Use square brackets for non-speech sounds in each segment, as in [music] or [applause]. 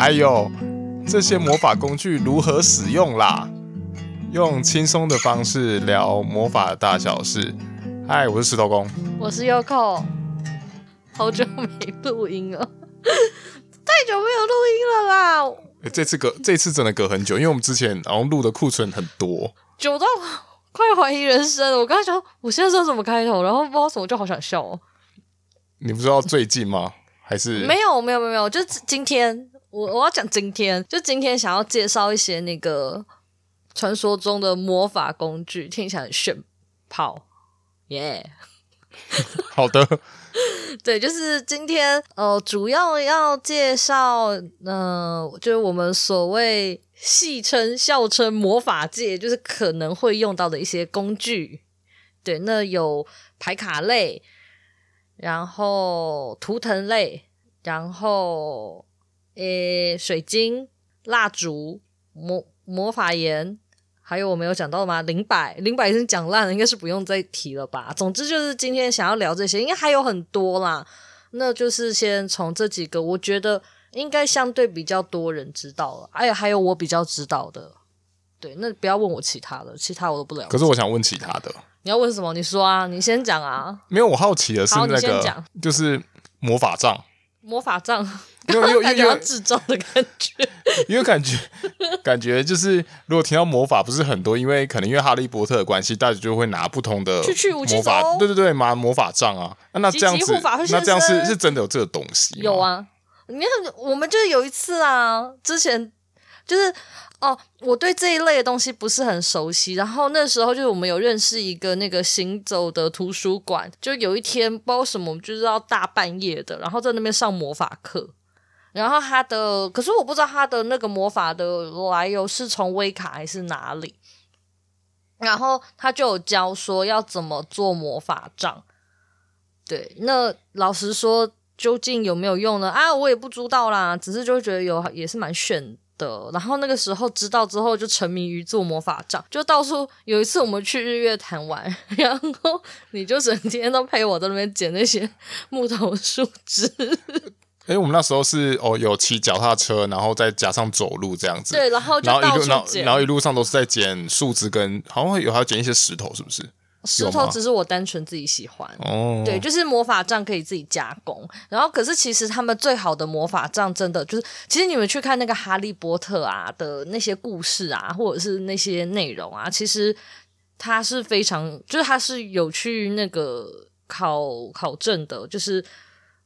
唉呦，這些魔法工具如何使用啦？用輕鬆的方式聊魔法的大小事。嗨，我是石頭公，我是優口。好久沒錄音了， [laughs] 太久沒有錄音了啦。欸、這次隔這次真的隔很久，因為我們之前然後錄的庫存很多，久到快懷疑人生。我剛才想我現在說什麼開頭，然後不知道什麼，就好想笑哦。你不知道最近嗎？ [laughs] 還是沒有沒有沒有沒有，就是今天。我我要講今天，就今天想要介紹一些那個傳說中的魔法工具，聽起來很炫砲耶！好的， [laughs] 對，就是今天，呃，主要要介紹，嗯、呃，就是我們所謂戲稱、笑稱魔法界，就是可能會用到的一些工具。對，那有牌卡類，然後圖騰類，然後。誒、欸，水晶、蠟燭、魔魔法鹽，還有我沒有講到的嗎？靈擺靈擺已經講爛了，應該是不用再提了吧。總之就是今天想要聊這些，應該還有很多啦。那就是先從這幾個，我覺得應該相對比較多人知道了。哎呀，還有我比較知道的，對，那不要問我其他的，其他我都不聊。可是我想問其他的，你要問什麼？你說啊，你先講啊。沒有，我好奇的是那個，你先講就是魔法杖，魔法杖。因為有有有比較智障的感覺，因為感覺感覺就是，如果提到魔法不是很多， [laughs] 因為可能因為哈利波特的關係，大家就會拿不同的去去魔法，去去對對對，拿魔法杖啊，啊那這樣子，奇奇那這樣子是是真的有這個東西，有啊，你看我們就有一次啊，之前就是哦，我對這一類的東西不是很熟悉，然後那時候就是我們有認識一個那個行走的圖書館，就有一天不知道什麼，就是要大半夜的，然後在那邊上魔法課。然後他的，可是我不知道他的那個魔法的來由是從威卡還是哪裡。然後他就有教說要怎麼做魔法杖。對，那老實說，究竟有沒有用呢？啊，我也不知道啦，只是就覺得有，也是蠻炫的。然後那個時候知道之後，就沉迷於做魔法杖，就到處。有一次我們去日月潭玩，然後你就整天都陪我在那邊撿那些木頭樹枝。哎，我們那時候是哦，有騎腳踏車，然後再加上走路這樣子。對，然後就，然後一路，然後，然後一路上都是在撿樹枝跟，好像有還撿一些石頭，是不是？石頭只是我單純自己喜歡哦。對，就是魔法杖可以自己加工。然後，可是其實他們最好的魔法杖真的就是，其實你們去看那個《哈利波特》啊的那些故事啊，或者是那些內容啊，其實它是非常，就是它是有去那個考考證的，就是。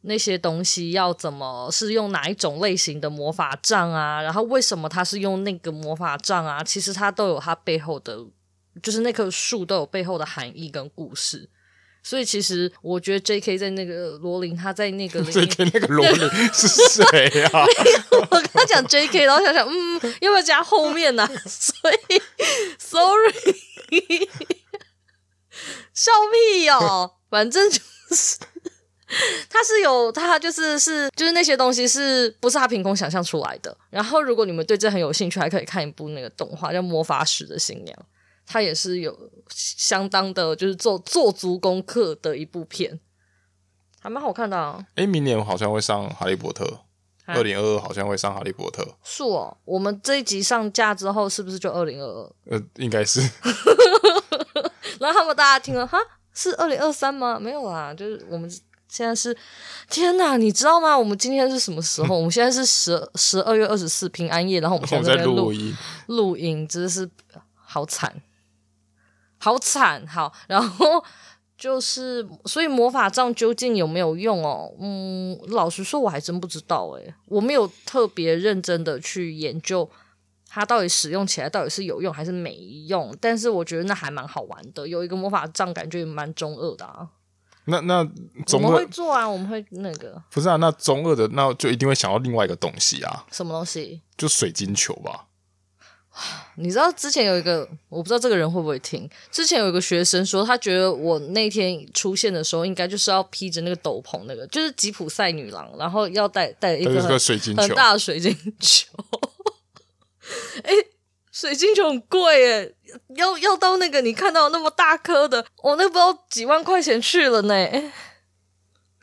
那些東西要怎麼，是用哪一種類型的魔法杖啊？然後為什麼他是用那個魔法杖啊？其實他都有他背後的，就是那棵樹都有背後的含義跟故事。所以其實我覺得 J.K. 在那個羅琳，他在那個 J.K. [laughs] 那個羅 [laughs] 琳是誰啊？ [laughs] 沒有，我跟他講 J.K. 然後想想，嗯，要不要加後面啊？所以 [laughs] ，sorry，笑，笑屁喲、喔，反正就是。他是有，他就是是就是那些東西是，不是他憑空想象出來的。然後，如果你們對這很有興趣，還可以看一部那個動畫，叫《魔法使的新娘》，他也是有相當的，就是做做足功課的一部片，還蠻好看的、啊。哎、欸，明年好像會上《哈利波特》二零二二，好像會上《哈利波特》是哦。我們這一集上架之後，是不是就二零二二？呃，應該是。 [laughs] 然後他們大家聽了，哈，是二零二三嗎？沒有啦，就是我們。現在是天哪，你知道嗎？我們今天是什麼時候？ [laughs] 我們現在是十十二月二十四，平安夜。然後我們現在在錄，在錄音，錄音，真的是好慘，好慘，好。然後就是，所以魔法杖究竟有沒有用哦？嗯，老實說，我還真不知道，欸。誒，我沒有特別認真的去研究它到底使用起來到底是有用還是沒用。但是我覺得那還蠻好玩的，有一個魔法杖，感覺也蠻中二的啊。那那中二我們會做啊，我們會那個不是啊，那中二的那就一定會想到另外一個東西啊，什麼東西？就水晶球吧。你知道之前有一個，我不知道這個人會不會聽。之前有一個學生說，他覺得我那天出現的時候，應該就是要披着那個斗篷，那個就是吉普賽女郎，然後要帶帶一個，很，是是個很大的水晶球。 [laughs] 欸水晶球很貴耶，要要到那個你看到那麼大顆的，我、哦、那不知道幾萬塊錢去了呢。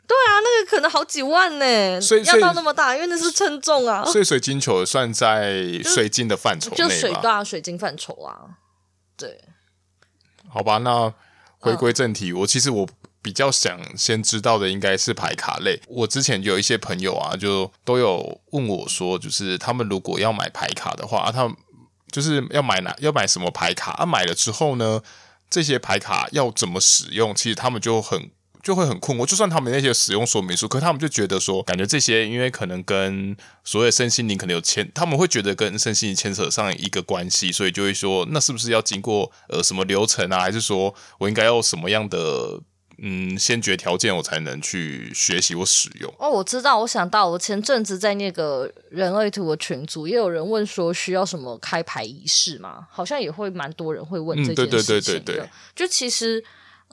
對啊，那個可能好幾萬呢，要到那麼大，因為那是稱重啊。所以水晶球算在水晶的範疇內，就水大水晶範疇啊。對，好吧，那回歸正題，嗯、我其實我比較想先知道的應該是牌卡類。我之前有一些朋友啊，就都有問我說，就是他們如果要買牌卡的話，他們。就是要買哪要買什麼牌卡啊？買了之後呢，這些牌卡要怎麼使用？其實他們就很就會很困惑。就算他們那些使用說明書，可是他們就覺得說，感覺這些因為可能跟所謂身心靈可能有牽，他們會覺得跟身心靈牽扯上一個關係，所以就會說，那是不是要經過呃什麼流程啊？還是說我應該要什麼樣的？嗯，先決條件我才能去學習我使用。哦，我知道，我想到我前陣子在那個人類圖的群組，也有人問說需要什麼開牌儀式嘛？好像也會蠻多人會問這件事情的，嗯。就其實，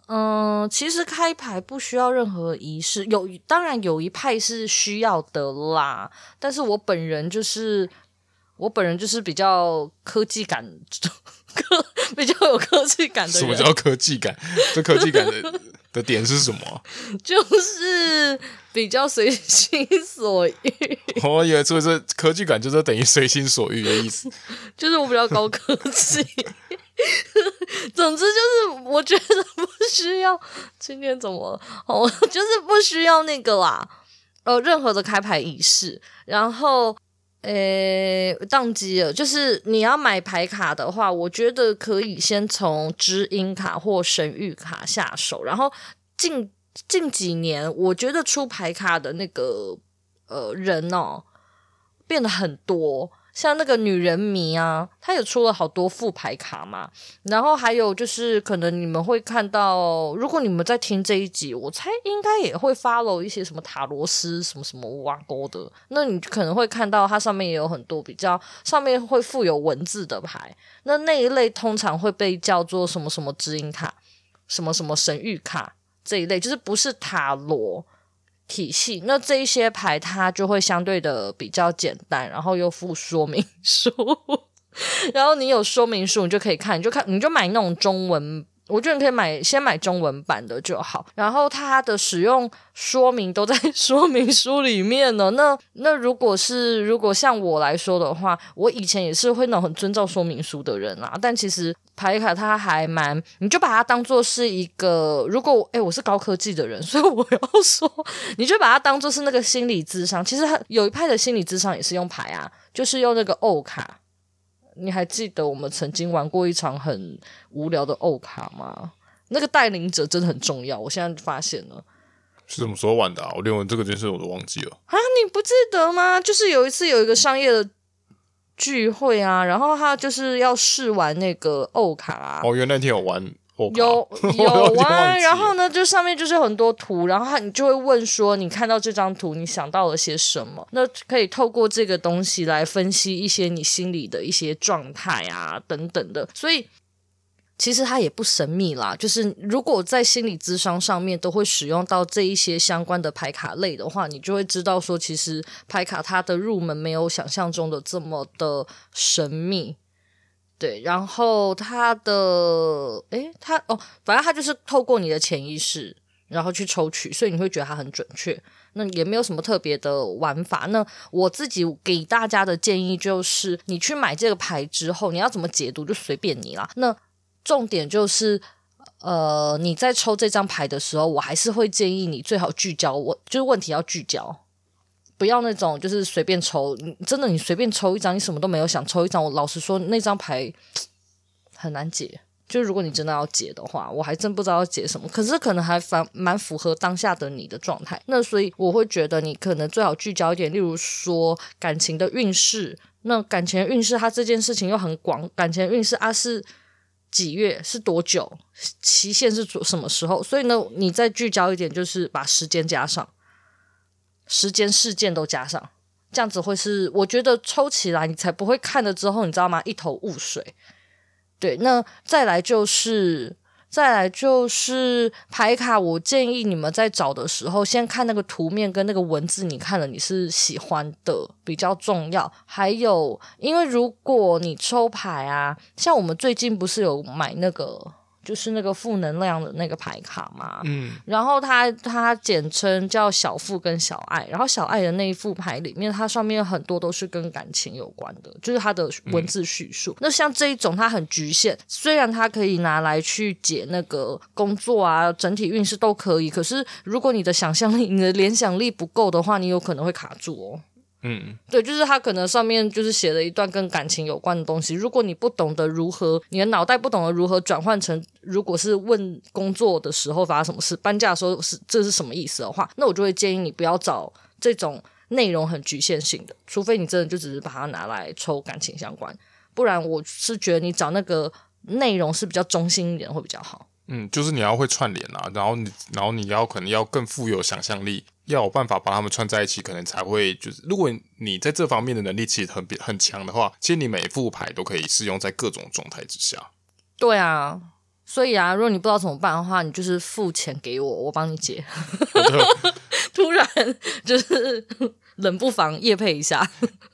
嗯、呃，其實開牌不需要任何儀式，有當然有一派是需要的啦。但是我本人就是我本人就是比較科技感，科比較有科技感的人。什麼叫科技感？這科技感的。 [laughs] 的點是什麼？就是比較隨心所欲。我、oh yeah, 以為就是科技感，就是等於隨心所欲的意思。就是我比較高科技。 [laughs] [laughs] 總之就是，我覺得不需要今天怎麼了哦，就是不需要那個啦。呃，任何的開牌儀式，然後。誒，當機了。就是你要買牌卡的話，我覺得可以先從知音卡或神諭卡下手。然後近近幾年，我覺得出牌卡的那個呃人哦變得很多。像那個女人迷啊，他也出了好多副牌卡嘛。然後還有就是，可能你們會看到，如果你們在聽這一集，我猜應該也會 follow 一些什麼塔羅師什麼什麼掛鈎的。那你可能會看到它上面也有很多比較上面會附有文字的牌。那那一類通常會被叫做什麼什麼指引卡、什麼什麼神諭卡這一類，就是不是塔羅。體系。那這一些牌它就會相對的比較簡單，然後又附說明書，然後你有說明書你就可以看，你就看，你就買那種中文。我覺得你可以買，先買中文版的就好。然後它的使用說明都在說明書裡面呢。那那如果是如果像我來說的話，我以前也是會很遵照說明書的人啊。但其實牌卡它還蠻，你就把它當做是一個。如果我誒我是高科技的人，所以我要說，你就把它當做是那個心理諮商。其實他有一派的心理諮商也是用牌啊，就是用那個歐卡。你還記得我們曾經玩過一場很無聊的歐卡嗎？那個帶領者真的很重要，我現在發現了。是什麼時候玩的啊？我連這個這件事我都忘記了。啊，你不記得嗎？就是有一次有一個商業的聚會啊，然後他就是要試玩那個歐卡。啊。哦，原來那天有玩。有有啊， [laughs] 然後呢，就上面就是很多圖，然後你就會問說，你看到這張圖，你想到了些什麼？那可以透過這個東西來分析一些你心理的一些狀態啊，等等的。所以其實它也不神秘啦，就是如果在心理諮商上面都會使用到這一些相關的牌卡類的話，你就會知道說，其實牌卡它的入門沒有想象中的這麼的神秘。對，然後他的，誒，他哦，反正他就是透過你的潛意識，然後去抽取，所以你會覺得他很準確。那也沒有什麼特別的玩法。那我自己給大家的建議就是，你去買這個牌之後，你要怎麼解讀就隨便你啦。那重點就是，呃，你在抽這張牌的時候，我還是會建議你最好聚焦，我就是問題要聚焦。不要那種就是隨便抽，真的你隨便抽一張，你什麼都沒有。想抽一張，我老實說，那張牌很難解。就是如果你真的要解的話，我還真不知道要解什麼。可是可能還反蠻符合當下的你的狀態。那所以我會覺得你可能最好聚焦一點，例如說感情的運勢。那感情運勢它這件事情又很廣，感情運勢啊是幾月？是多久？期限是什什麼時候？所以呢，你再聚焦一點，就是把時間加上。時間事件都加上，這樣子會是我覺得抽起來你才不會看了之後你知道嗎？一頭霧水。對，那再來就是，再來就是牌卡。我建議你們在找的時候，先看那個圖面跟那個文字，你看了你是喜歡的比較重要。還有，因為如果你抽牌啊，像我們最近不是有買那個。就是那個負能量的那個牌卡嘛，嗯，然後他他簡稱叫小富跟小愛，然後小愛的那一副牌裡面，它上面很多都是跟感情有關的，就是它的文字敘述。嗯，那像這一種，它很局限，雖然它可以拿來去解那個工作啊，整體運勢都可以，可是如果你的想象力、你的聯想力不夠的話，你有可能會卡住哦。嗯，對，就是他可能上面就是寫了一段跟感情有關的東西。如果你不懂得如何，你的腦袋不懂得如何轉換成，如果是問工作的時候發生什麼事，搬家的時候是這是什麼意思的話，那我就會建議你不要找這種內容很局限性的。除非你真的就只是把它拿來抽感情相關，不然我是覺得你找那個內容是比較中性一點會比較好。嗯，就是你要會串聯啊，然後你，然後你要可能要更富有想象力，要有辦法把他們串在一起，可能才會就是，如果你在這方面的能力其實很很強的話，其實你每副牌都可以適用在各種狀態之下。對啊，所以啊，如果你不知道怎麼辦的話，你就是付錢給我，我幫你解。 [laughs] [laughs] 突然就是冷不防業配一下。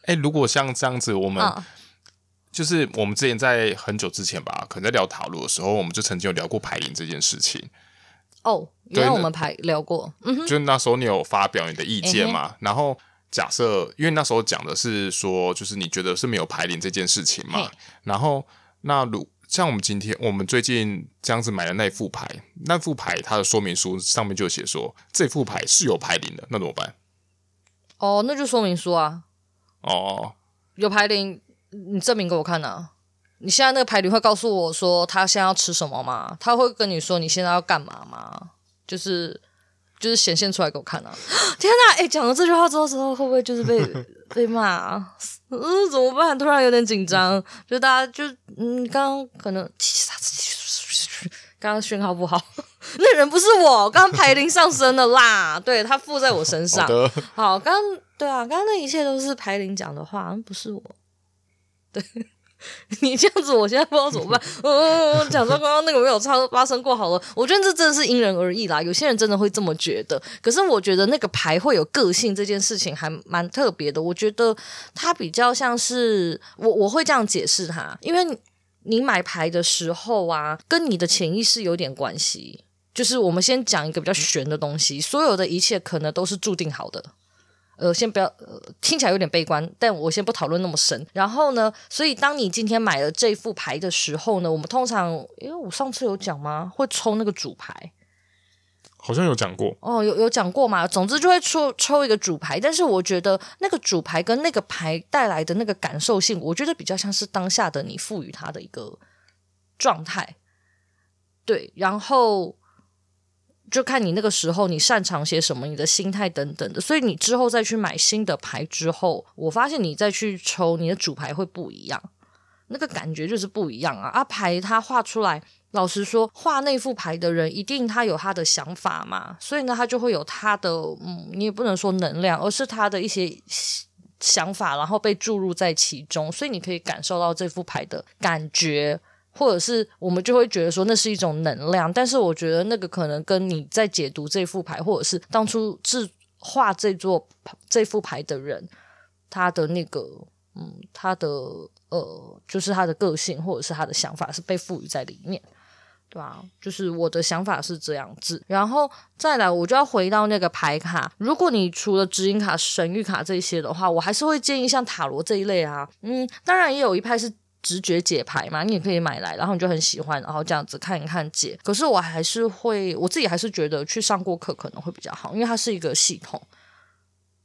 哎、 [laughs] 欸，如果像這樣子，我們。嗯就是我們之前在很久之前吧，可能在聊塔羅的時候，我們就曾經有聊過牌靈這件事情。哦，原來我們排聊過。嗯哼，就那時候你有發表你的意見嘛？欸、嘿然後假設，因為那時候講的是說，就是你覺得是沒有牌靈這件事情嘛？嘿然後那如像我們今天我們最近這樣子買了那副牌，那副牌它的說明書上面就寫說這副牌是有牌靈的，那怎麼辦？哦，那就說明書啊。哦，有牌靈你證明給我看啊！你現在那個牌靈會告訴我說他現在要吃什麼嗎？他會跟你說你現在要幹嘛嗎？就是就是顯現出來給我看啊！天哪、啊，哎、欸，講了這句話之後，之後會不會就是被 [laughs] 被罵啊？嗯、呃，怎麼辦？突然有點緊張， [laughs] 就大家就嗯，剛剛可能剛剛訊號不好， [laughs] 那人不是我，剛剛牌靈上身的啦， [laughs] 對他附在我身上。好，的好，剛對啊，剛剛那一切都是牌靈講的話，不是我。對 [laughs] 你這樣子，我現在不知道怎麼辦。嗯、哦，假裝剛剛那個沒有差發生過，好了。我覺得這真的是因人而異啦，有些人真的會這麼覺得。可是我覺得那個牌會有個性這件事情還蠻特別的。我覺得它比較像是我，我會這樣解釋它，因為你買牌的時候啊，跟你的潛意識有點關係。就是我們先講一個比較玄的東西，所有的一切可能都是注定好的。呃，先不要、呃，聽起來有點悲觀，但我先不討論那麼深。然後呢，所以當你今天買了這副牌的時候呢，我們通常因為、欸、我上次有講嗎？會抽那個主牌，好像有講過哦，有有講過嘛。總之就會抽抽一個主牌，但是我覺得那個主牌跟那個牌帶來的那個感受性，我覺得比較像是當下的你賦予它的一個狀態，對，然後。就看你那個時候你擅長些什麼，你的心態等等的，所以你之後再去買新的牌之後，我發現你再去抽你的主牌會不一樣，那個感覺就是不一樣啊！啊，牌它畫出來，老實說，畫那副牌的人一定他有他的想法嘛，所以呢，他就會有他的嗯，你也不能說能量，而是他的一些想法，然後被注入在其中，所以你可以感受到這副牌的感覺。或者是我們就會覺得說那是一種能量，但是我覺得那個可能跟你在解讀這副牌，或者是當初製畫這座這副牌的人，他的那個嗯，他的呃，就是他的個性或者是他的想法是被賦予在裡面，對吧？就是我的想法是這樣子。然後再來，我就要回到那個牌卡，如果你除了指引卡、神諭卡這些的話，我還是會建議像塔羅這一類啊，嗯，當然也有一派是。直覺解牌嘛，你也可以買來，然後你就很喜歡，然後這樣子看一看解。可是我還是會，我自己還是覺得去上過課可能會比較好，因為它是一個系統。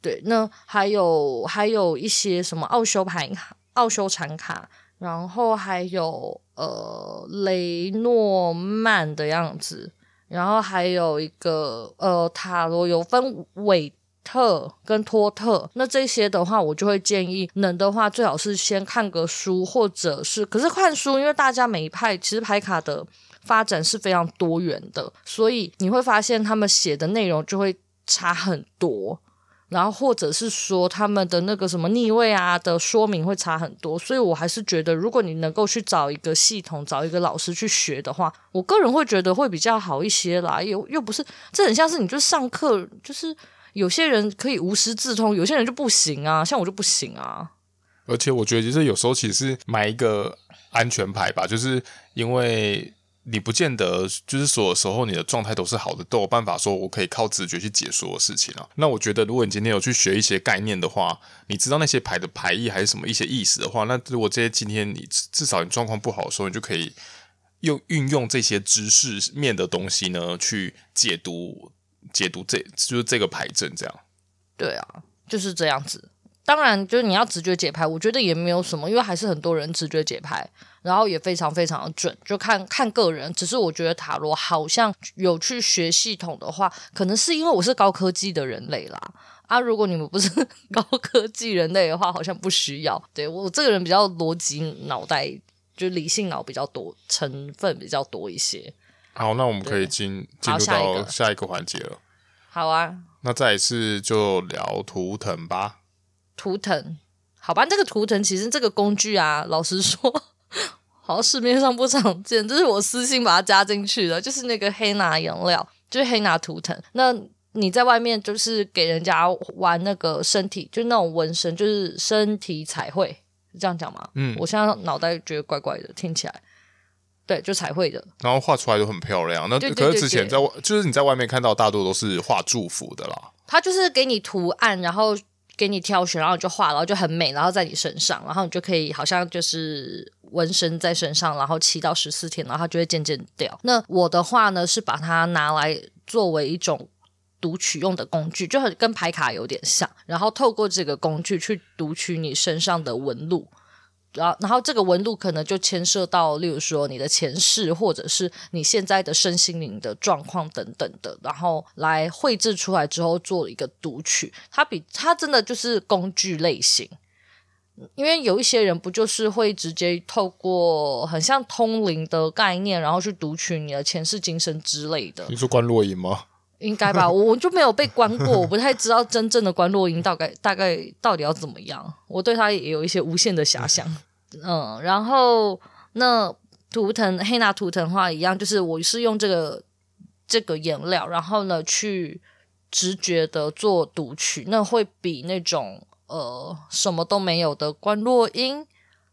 對，那還有還有一些什麼奧修牌、奧修禪卡，然後還有呃雷諾曼的樣子，然後還有一個呃塔羅，有分偉。特跟托特，那這些的話，我就會建議能的話，最好是先看個書，或者是可是看書，因為大家每一派其實牌卡的發展是非常多元的，所以你會發現他們寫的內容就會差很多，然後或者是說他們的那個什麼逆位啊的說明會差很多，所以我還是覺得，如果你能夠去找一個系統，找一個老師去學的話，我個人會覺得會比較好一些啦。又又不是，這很像是你就上課就是。有些人可以無師自通，有些人就不行啊，像我就不行啊。而且我覺得，就是有時候其實是買一個安全牌吧，就是因為你不見得，就是所有時候你的狀態都是好的，都有辦法說我可以靠直覺去解說的事情啊。那我覺得，如果你今天有去學一些概念的話，你知道那些牌的牌意還是什麼一些意思的話，那如果這些今天你至少你狀況不好的時候，你就可以用運用這些知識面的東西呢去解讀。解讀這就是這個牌陣這樣，對啊，就是這樣子。當然，就是你要直覺解牌，我覺得也沒有什麼，因為還是很多人直覺解牌，然後也非常非常的準。就看看個人，只是我覺得塔羅好像有去學系統的話，可能是因為我是高科技的人類啦。啊，如果你們不是高科技人類的話，好像不需要。對，我這個人比較邏輯腦袋，就理性腦比較多，成分比較多一些。好，那我們可以進進入到下一、啊、下一個環節了。好啊，那再一次就聊圖騰吧。圖騰，好吧，那個圖騰其實這個工具啊，老實說，嗯、好像市面上不常見，這、就是我私心把它加進去的，就是那個黑拿顏料，就是黑拿圖騰。那你在外面就是給人家玩那個身體，就那種紋身，就是身體彩繪，是這樣講嗎？嗯，我現在腦袋覺得怪怪的，聽起來。對，就彩繪的，然後畫出來都很漂亮。那，對對對對，可是之前在外，就是你在外面看到，大多都是畫祝福的啦。他就是給你圖案，然後給你挑選，然後就畫，然後就很美，然後在你身上，然後你就可以好像就是紋身在身上，然後七到十四天，然後它就會漸漸掉。那我的話呢，是把它拿來作為一種讀取用的工具，就很跟牌卡有點像，然後透過這個工具去讀取你身上的紋路。然然後這個紋路可能就牽涉到，例如說你的前世或者是你現在的身心靈的狀況等等的，然後來繪制出來之後做一個讀取。它比它真的就是工具類型，因為有一些人不就是會直接透過很像通靈的概念，然後去讀取你的前世今生之類的。你是觀落陰嗎？應該吧，我就沒有被觀過， [laughs] 我不太知道真正的觀落陰大概大概到底要怎麼樣。我對他也有一些無限的遐想， [laughs] 嗯，然後那圖騰黑拿圖騰話一樣，就是我是用這個這個顏料，然後呢去直覺的做讀取，那會比那種呃什麼都沒有的觀落陰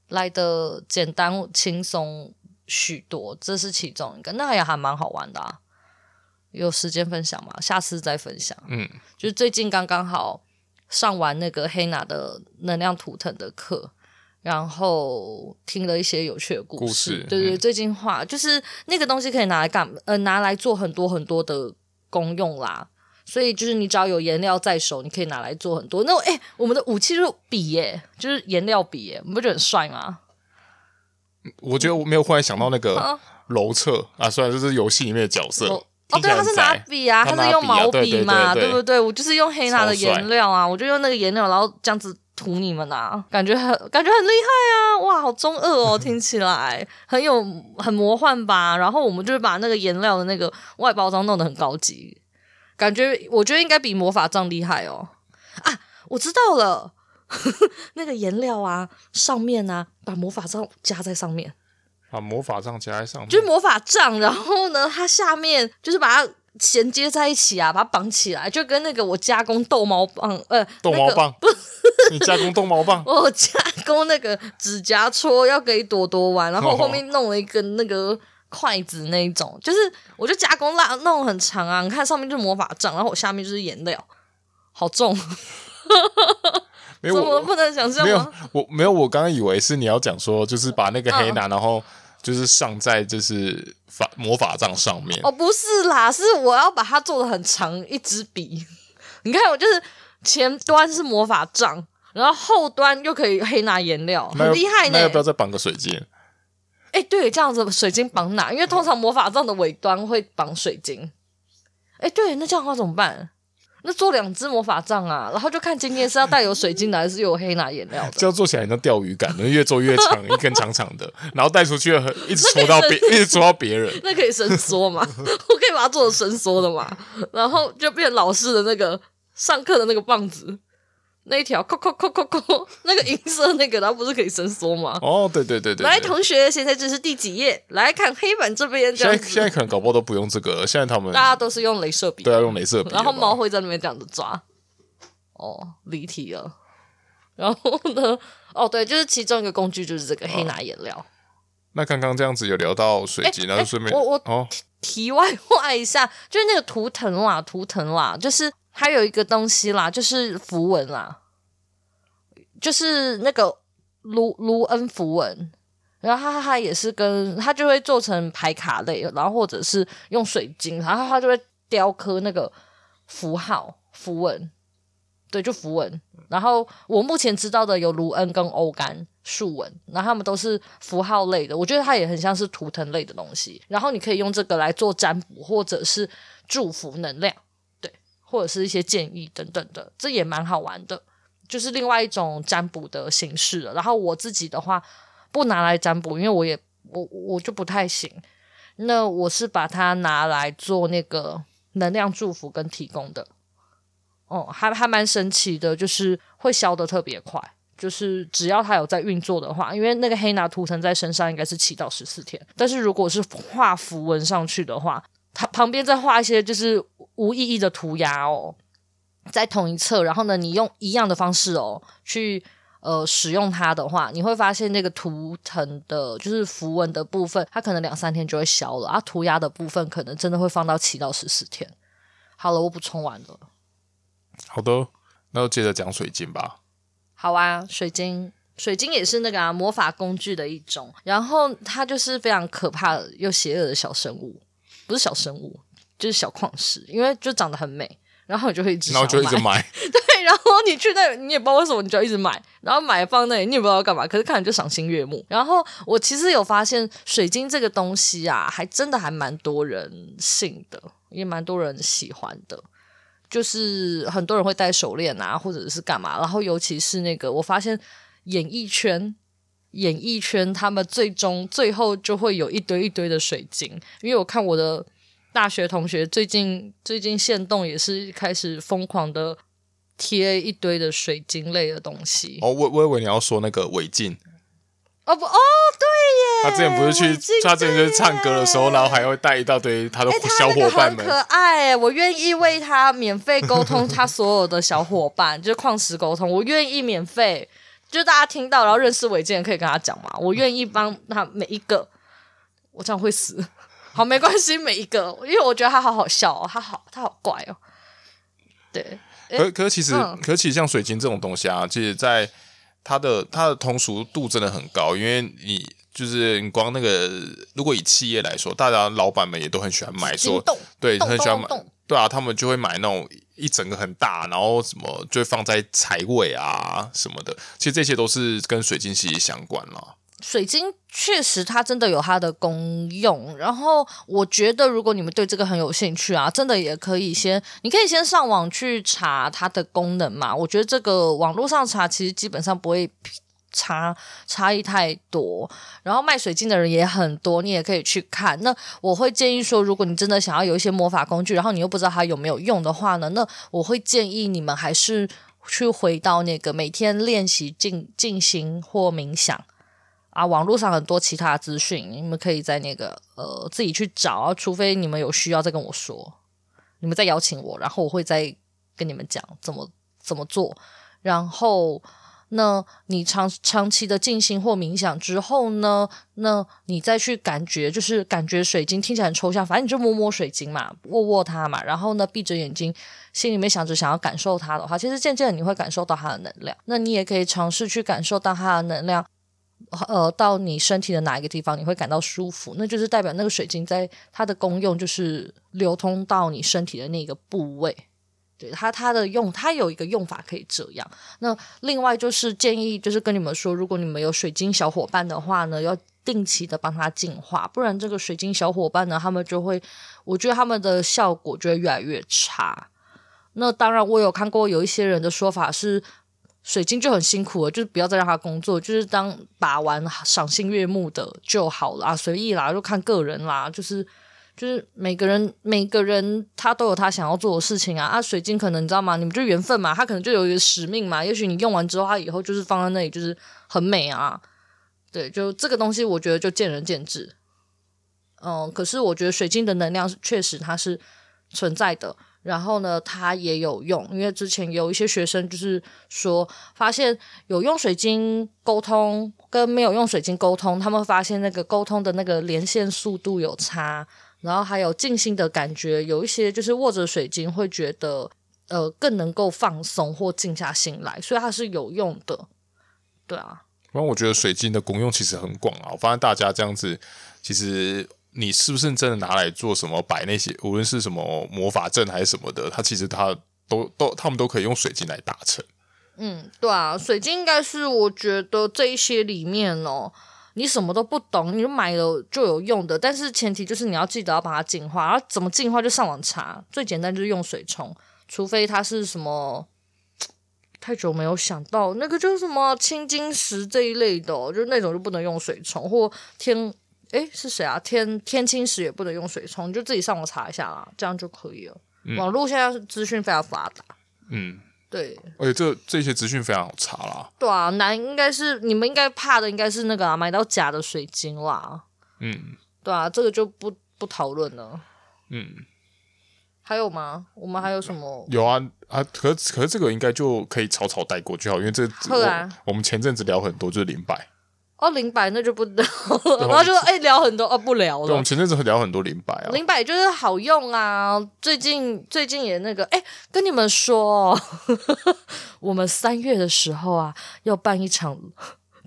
來的簡單輕鬆許多，這是其中一個，那也還還蠻好玩的啊。有時間分享嘛？下次再分享。嗯，就是最近剛剛好上完那個黑娜的能量圖騰的課，然後聽了一些有趣的故事。故事對對，嗯、最近畫就是那個東西可以拿來幹嘛？呃，拿來做很多很多的功用啦。所以就是你只要有顏料在手，你可以拿來做很多。那哎、欸，我們的武器就是筆耶、欸，就是顏料筆耶、欸，你不覺得很帥嗎？我覺得我沒有忽然想到那個樓徹啊，雖然這是遊戲裡面的角色。哦，oh, 對，他是拿筆啊，他、啊、是用毛筆嘛，對，對，對，對，對不對？我就是用黑娜的顏料啊，帥我就用那個顏料，然後這樣子塗你們吶、啊，感覺很，感覺很厲害啊！哇，好中二哦， [laughs] 聽起來很有很魔幻吧？然後我們就是把那個顏料的那個外包裝弄得很高級，感覺我覺得應該比魔法杖厲害哦。啊，我知道了， [laughs] 那個顏料啊，上面啊，把魔法杖夾在上面。把魔法杖夾在上面，就魔法杖，然後呢，它下面就是把它銜接在一起啊，把它綁起來，就跟那個我加工逗貓棒，呃，逗貓棒，那個、不你加工逗貓棒， [laughs] 我加工那個指甲戳，要給朵朵玩，然後後面弄了一個那個筷子那一種，哦哦就是我就加工啦，弄很長啊，你看上面就是魔法杖，然後我下面就是顏料，好重， [laughs] 怎麼不能想象？沒有我，沒有我，沒有我剛剛以為是你要講說，就是把那個黑男，嗯、然後。就是上在就是法魔法杖上面。哦，不是啦，是我要把它做得很長一支筆。 [laughs] 你看，我就是前端是魔法杖，然後後端又可以黑拿顏料，那個、很厲害呢。那要不要再綁個水晶？哎、欸，對，這樣子水晶綁哪？因為通常魔法杖的尾端會綁水晶。哎、欸，對，那這樣的話怎麼辦？那做兩支魔法杖啊，然後就看今天是要帶有水晶的。 [laughs] 還是有黑拿顏料的？這樣做起來很像釣魚竿，越做越長。 [laughs] 一根長長的，然後帶出去很，一直戳到別、 [laughs] 一直戳到別人。 [laughs] 那可以伸縮嘛？ [laughs] 我可以把它做成伸縮的嘛？然後就變老師的那個上課的那個棒子。那一條，扣扣扣扣扣那個銀色那個， [laughs] 它不是可以伸縮嗎？哦，對對對對，對。來，同學，現在這是第幾頁？來看黑板這邊這樣。現在現在可能搞不好都不用這個，現在他們大家都是用雷射筆。對、啊、用雷射筆。然後貓會在那邊這樣子抓。哦，離題了。然後呢？哦，對，就是其中一個工具就是這個黑拿顏料、啊。那剛剛這樣子有聊到水晶，然後、欸、順便、欸欸、我我哦，題外話一下，就是那個圖騰啦圖騰啦就是。還有一個東西啦，就是符文啦，就是那個盧盧恩符文，然後他他他也是跟他就會做成牌卡類，然後或者是用水晶，然後他就會雕刻那個符號符文，對，就符文。然後我目前知道的有盧恩跟歐甘樹文，然後他們都是符號類的，我覺得它也很像是圖騰類的東西。然後你可以用這個來做占卜或者是祝福能量。或者是一些建議等等的，這也蠻好玩的，就是另外一種占卜的形式了。然後我自己的話，不拿來占卜，因為我也我我就不太行。那我是把它拿來做那個能量祝福跟提供的。哦、嗯，還還蠻神奇的，就是會消得特別快。就是只要它有在運作的話，因為那個黑拿塗層在身上應該是七到十四天，但是如果是畫符文上去的話，它旁邊再畫一些就是。無意義的塗鴉哦，在同一側，然後呢，你用一樣的方式哦去呃使用它的話，你會發現那個圖騰的，就是符文的部分，它可能兩三天就會消了啊；塗鴉的部分可能真的會放到七到十四天。好了，我補充完了。好的，那就接着講水晶吧。好啊，水晶，水晶也是那個、啊、魔法工具的一種，然後它就是非常可怕又邪惡的小生物，不是小生物。就是小礦石，因為就長得很美，然後你就會一直買，然後就一直買， [laughs] 對，然後你去那，你也不知道為什麼，你就要一直買，然後買放那裡，你也不知道幹嘛，可是看了就賞心悅目。然後我其實有發現，水晶這個東西啊，還真的還蠻多人信的，也蠻多人喜歡的，就是很多人會戴手鏈啊，或者是幹嘛。然後尤其是那個，我發現演藝圈，演藝圈他們最終最後就會有一堆一堆的水晶，因為我看我的。大學同學最近最近限動也是開始瘋狂的貼一堆的水晶類的東西哦，我我以為你要說那個違禁。哦，哦不，哦對耶，他之前不是去，進他之前就是唱歌的時候，耶然後還會帶一大堆他的小伙伴們。欸、很可愛耶，我願意為他免費溝通他所有的小伙伴， [laughs] 就是礦石溝通，我願意免費，就大家聽到然後認識偉靜可以跟他講嘛，我願意幫他每一個，我這樣會死。好，沒關係，每一個，因為我覺得他好好笑哦，他好，他好怪哦，對。可可其實，嗯、可其實像水晶這種東西啊，其實在它的它的通俗度真的很高，因為你就是你光那個，如果以企業來說，大家老闆們也都很喜歡買說，動對，動很喜歡買，對啊，他們就會買那種一整個很大，然後什麼就會放在財位啊什麼的，其實這些都是跟水晶息息相關了。水晶確實，它真的有它的功用。然後，我覺得如果你們對這個很有興趣啊，真的也可以先，你可以先上網去查它的功能嘛。我覺得這個網絡上查其實基本上不會差差異太多。然後賣水晶的人也很多，你也可以去看。那我會建議說，如果你真的想要有一些魔法工具，然後你又不知道它有沒有用的話呢，那我會建議你們還是去回到那個每天練習進進行或冥想。啊，網絡上很多其他資訊，你們可以在那個呃自己去找啊，除非你們有需要再跟我說，你們再邀請我，然後我會再跟你們講怎麼怎麼做。然後，那你長長期的靜心或冥想之後呢，那你再去感覺，就是感覺水晶聽起來很抽象，反正你就摸摸水晶嘛，握握它嘛，然後呢，閉着眼睛，心裡面想着想要感受它的,的話，其實漸漸你會感受到它的能量。那你也可以嘗試去感受到它的能量。呃，到你身體的哪一個地方你會感到舒服，那就是代表那個水晶在它的功用就是流通到你身體的那個部位。對，它它的用，它有一個用法可以這樣。那另外就是建議，就是跟你們說，如果你們有水晶小夥伴的話呢，要定期的幫它淨化，不然這個水晶小夥伴呢，他們就會，我覺得他們的效果就會越來越差。那當然，我有看過有一些人的說法是。水晶就很辛苦了，就是不要再讓他工作，就是當把玩、賞心悅目的就好啦，隨意啦，就看個人啦。就是，就是每個人每個人他都有他想要做的事情啊。啊，水晶可能你知道嗎？你們就緣分嘛，他可能就有一個使命嘛。也許你用完之後，它以後就是放在那裡，就是很美啊。對，就這個東西，我覺得就見仁見智。嗯，可是我覺得水晶的能量是確實它是存在的。然後呢，它也有用，因為之前有一些學生就是說，發現有用水晶溝通跟沒有用水晶溝通，他們發現那個溝通的那個連線速度有差，然後還有靜心的感覺，有一些就是握着水晶會覺得，呃，更能夠放鬆或靜下心來，所以它是有用的。對啊，反正我覺得水晶的功用其實很廣啊，我發現大家這樣子，其實。你是不是真的拿來做什麼擺那些？無論是什麼魔法陣還是什麼的，它其實它都都他們都可以用水晶來達成。嗯，對啊，水晶應該是我覺得這一些裡面哦，你什麼都不懂，你就買了就有用的。但是前提就是你要記得要把它淨化，然後怎麼淨化就上網查。最簡單就是用水沖，除非它是什麼太久沒有想到那個就是什麼青金石這一類的，就是那種就不能用水沖或天哎，是誰啊？天天青石也不能用水沖，你就自己上網查一下啦，這樣就可以了。嗯、網絡現在資訊非常發達，嗯，對。而且、欸、這這些資訊非常好查啦。對啊，難應該是你們應該怕的，應該是那個、啊、買到假的水晶啦。嗯，對啊，這個就不不討論了。嗯，還有嗎？我們還有什麼？有啊啊，可是可是這個應該就可以草草帶過去好，因為這、啊、我，我們前陣子聊很多就是靈擺。哦，靈擺那就不聊了。然後就說，哎、欸，聊很多哦，不聊了。我們前陣子會聊很多靈擺啊。靈擺就是好用啊，最近最近也那個，哎、欸，跟你們說， [laughs] 我們三月的時候啊，要辦一場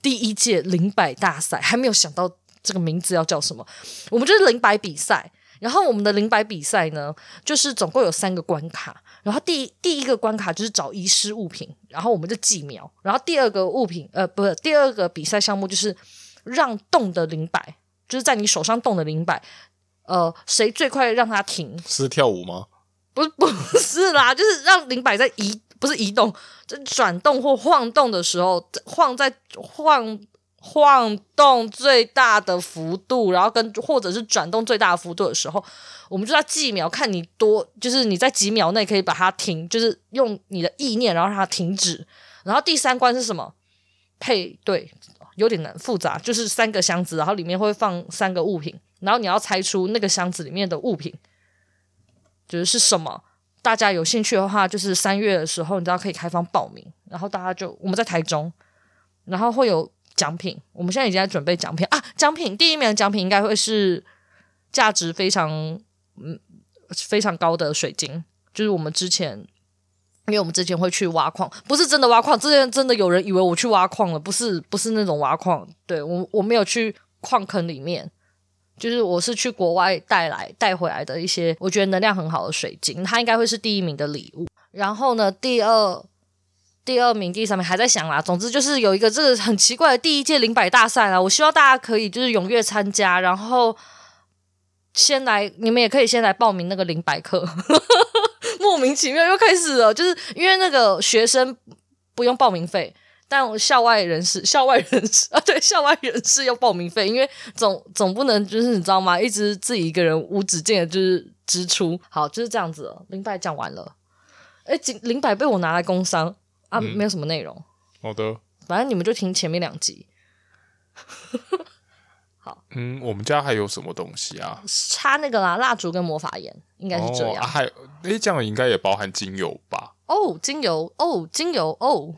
第一屆靈擺大賽，還沒有想到這個名字要叫什麼，我們就是靈擺比賽。然後我們的靈擺比賽呢，就是總共有三個關卡。然後第一第一個關卡就是找遺失物品，然後我們就計秒。然後第二個物品，呃，不是第二個比賽項目就是讓動的靈擺，就是在你手上動的靈擺，呃，誰最快讓它停？是跳舞嗎？不是不是啦，就是讓靈擺在移，不是移動，就轉動或晃動的時候晃，在晃，晃動最大的幅度，然後跟或者是轉動最大的幅度的時候，我們就在幾秒看你多，就是你在幾秒內可以把它停，就是用你的意念然後讓它停止。然後第三關是什麼？配對有點難，複雜，就是三個箱子，然後裡面會放三個物品，然後你要猜出那個箱子裡面的物品就是是什麼。大家有興趣的話，就是三月的時候，你知道可以開放報名，然後大家就我們在台中，然後會有。獎品，我們現在已經在準備獎品啊！獎品第一名的獎品應該會是價值非常嗯非常高的水晶，就是我們之前，因為我們之前會去挖礦，不是真的挖礦。之前真的有人以為我去挖礦了，不是不是那種挖礦，對，我我沒有去礦坑裡面，就是我是去國外帶來帶回來的一些我覺得能量很好的水晶，它應該會是第一名的禮物。然後呢，第二。第二名、第三名還在想啦。總之就是有一個這個很奇怪的第一屆靈擺大賽啦。我希望大家可以就是踴躍參加，然後先來，你們也可以先來報名那個靈擺課。 [laughs] 莫名其妙又開始了，就是因為那個學生不用報名費，但校外人士、校外人士啊，對，校外人士要報名費，因為總總不能就是你知道嗎？一直自己一個人無止境的就是支出。好，就是這樣子了。靈擺講完了，哎、欸，靈靈擺被我拿來工商。啊，嗯、沒有什麼內容。好的，反正你們就聽前面兩集。 [laughs] 好，嗯，我們家還有什麼東西啊？插那個啦，蠟燭跟魔法鹽應該是這樣。哦啊、還哎，這樣應該也包含精油吧？哦，精油，哦，精油，哦，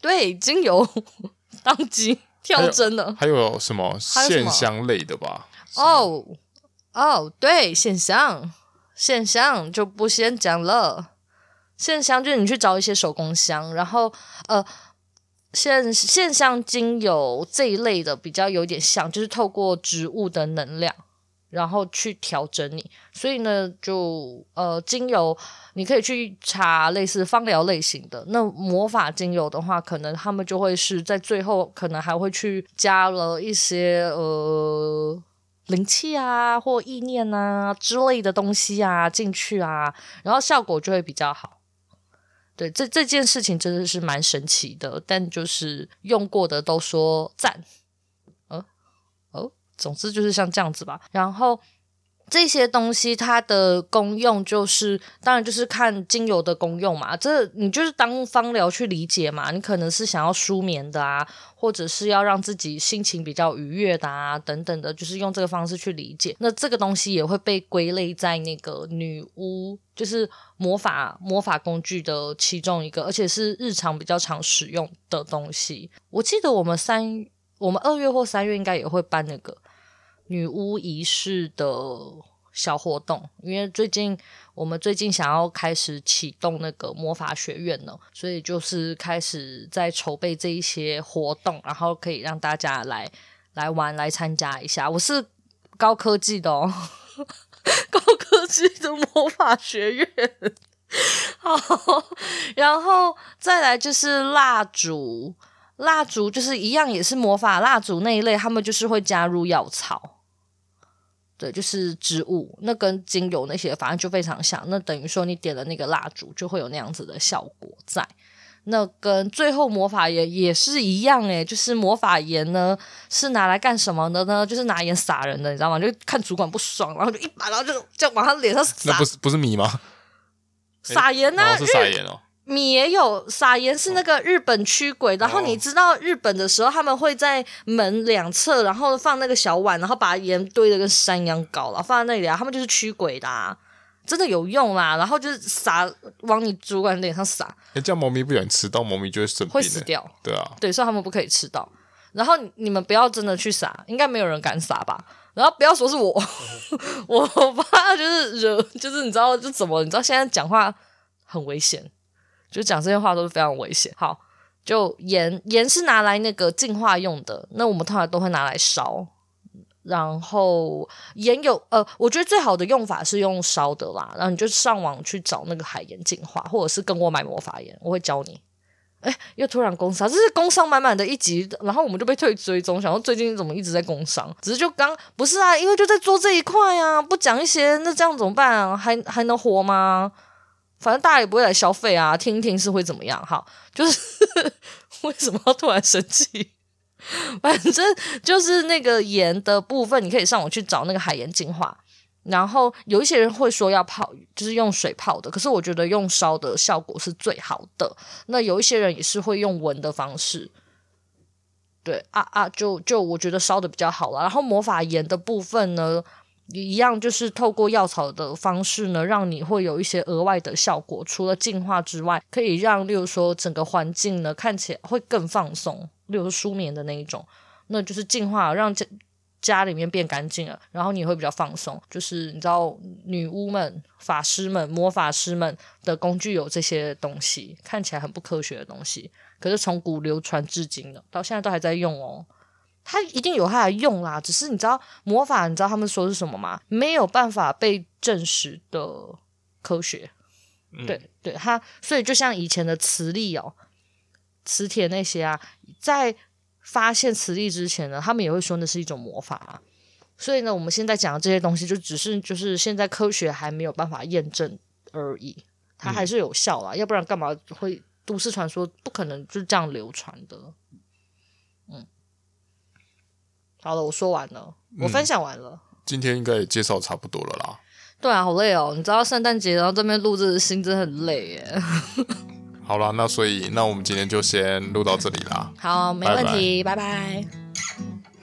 對，精油 [laughs] 當機跳針的，還有什麼線香類的吧？哦哦，對，線香，線香就不先講了。線香就是你去找一些手工香，然後呃，線線香精油這一類的比較有點像，就是透過植物的能量，然後去調整你。所以呢，就呃，精油你可以去查類似芳療類型的。那魔法精油的話，可能他們就會是在最後，可能還會去加了一些呃靈氣啊或意念啊之類的東西啊進去啊，然後效果就會比較好。對，這這件事情真的是蠻神奇的，但就是用過的都說讚，哦。哦，總之就是像這樣子吧，然後。這些東西它的功用就是，當然就是看精油的功用嘛。這你就是當芳療去理解嘛。你可能是想要舒眠的啊，或者是要讓自己心情比較愉悅的啊，等等的，就是用這個方式去理解。那這個東西也會被歸類在那個女巫，就是魔法魔法工具的其中一個，而且是日常比較常使用的東西。我記得我們三，我們二月或三月應該也會辦那個。女巫儀式的小活動，因為最近我們最近想要開始啟動那個魔法學院了，所以就是開始在籌備這一些活動，然後可以讓大家來來玩、來參加一下。我是高科技的哦！ [laughs] 高科技的魔法學院。 [laughs] 好，然後再來就是蠟燭，蠟燭就是一樣也是魔法蠟燭那一類，他們就是會加入藥草。對，就是植物，那跟精油那些的，反正就非常像。那等於說你點了那個蠟燭，就會有那樣子的效果在。那跟最後魔法鹽也是一樣誒、欸，就是魔法鹽呢是拿來幹什麼的呢？就是拿鹽撒人的，你知道嗎？就看主管不爽，然後就一把，然後就，就往他臉上撒。 [laughs] 那不是不是米嗎？撒鹽呢、啊？是撒鹽哦。米也有撒鹽，是那個日本驅鬼，哦、然後你知道日本的時候，他們會在門兩側，然後放那個小碗，然後把鹽堆的跟山一樣高了，放在那裡啊，他們就是驅鬼的、啊，真的有用啦。然後就是撒，往你主管臉上撒，這樣貓咪不想吃到，貓咪就會生病，會死掉。對啊，對，所以他們不可以吃到。然後你們不要真的去撒，應該沒有人敢撒吧？然後不要說是我，嗯、 [laughs] 我怕就是惹，就是你知道，就怎麼，你知道現在講話很危險。就講這些話都是非常危險。好，就鹽鹽是拿來那個淨化用的，那我們通常都會拿來燒。然後鹽有呃，我覺得最好的用法是用燒的啦。然後你就上網去找那個海鹽淨化，或者是跟我買魔法鹽，我會教你。誒，又突然工商，就是工商滿滿的一集。然後我們就被退追蹤，想說最近怎麼一直在工商？只是就剛不是啊，因為就在做這一塊啊，不講一些，那這樣怎麼辦啊？還還能活嗎？反正大家也不會來消費啊，聽一聽是會怎麼樣？好，就是呵呵為什麼要突然生氣？反正就是那個鹽的部分，你可以上網去找那個海鹽淨化。然後有一些人會說要泡，就是用水泡的，可是我覺得用燒的效果是最好的。那有一些人也是會用聞的方式，對啊，啊，就就我覺得燒的比較好啦。然後魔法鹽的部分呢，一樣就是透過藥草的方式呢，讓你會有一些額外的效果，除了淨化之外，可以讓例如說整個環境呢，看起來會更放鬆，例如說舒眠的那一種。那就是淨化，讓家家裡面變乾淨了，然後你會比較放鬆。就是你知道女巫們、法師們、魔法師們的工具有這些東西，看起來很不科學的東西，可是從古流傳至今的，到現在都還在用哦。它一定有它的用啦，只是你知道魔法，你知道他們說是什麼嗎？沒有辦法被證實的科學。嗯、對對，它所以就像以前的磁力哦、喔，磁鐵那些啊，在發現磁力之前呢，他們也會說那是一種魔法、啊。所以呢，我們現在講的這些東西，就只是就是現在科學還沒有辦法驗證而已，它還是有效啊。嗯、要不然幹嘛會都市傳說不可能就這樣流傳的？好了，我說完了，我分享完了。嗯，今天應該也介紹差不多了啦。對啊，好累哦，你知道聖誕節然後這邊錄製的心真的很累耶。 [laughs] 好啦，那所以那我們今天就先錄到這裡啦。 [laughs] 好，沒問題，拜拜。拜拜。嗯。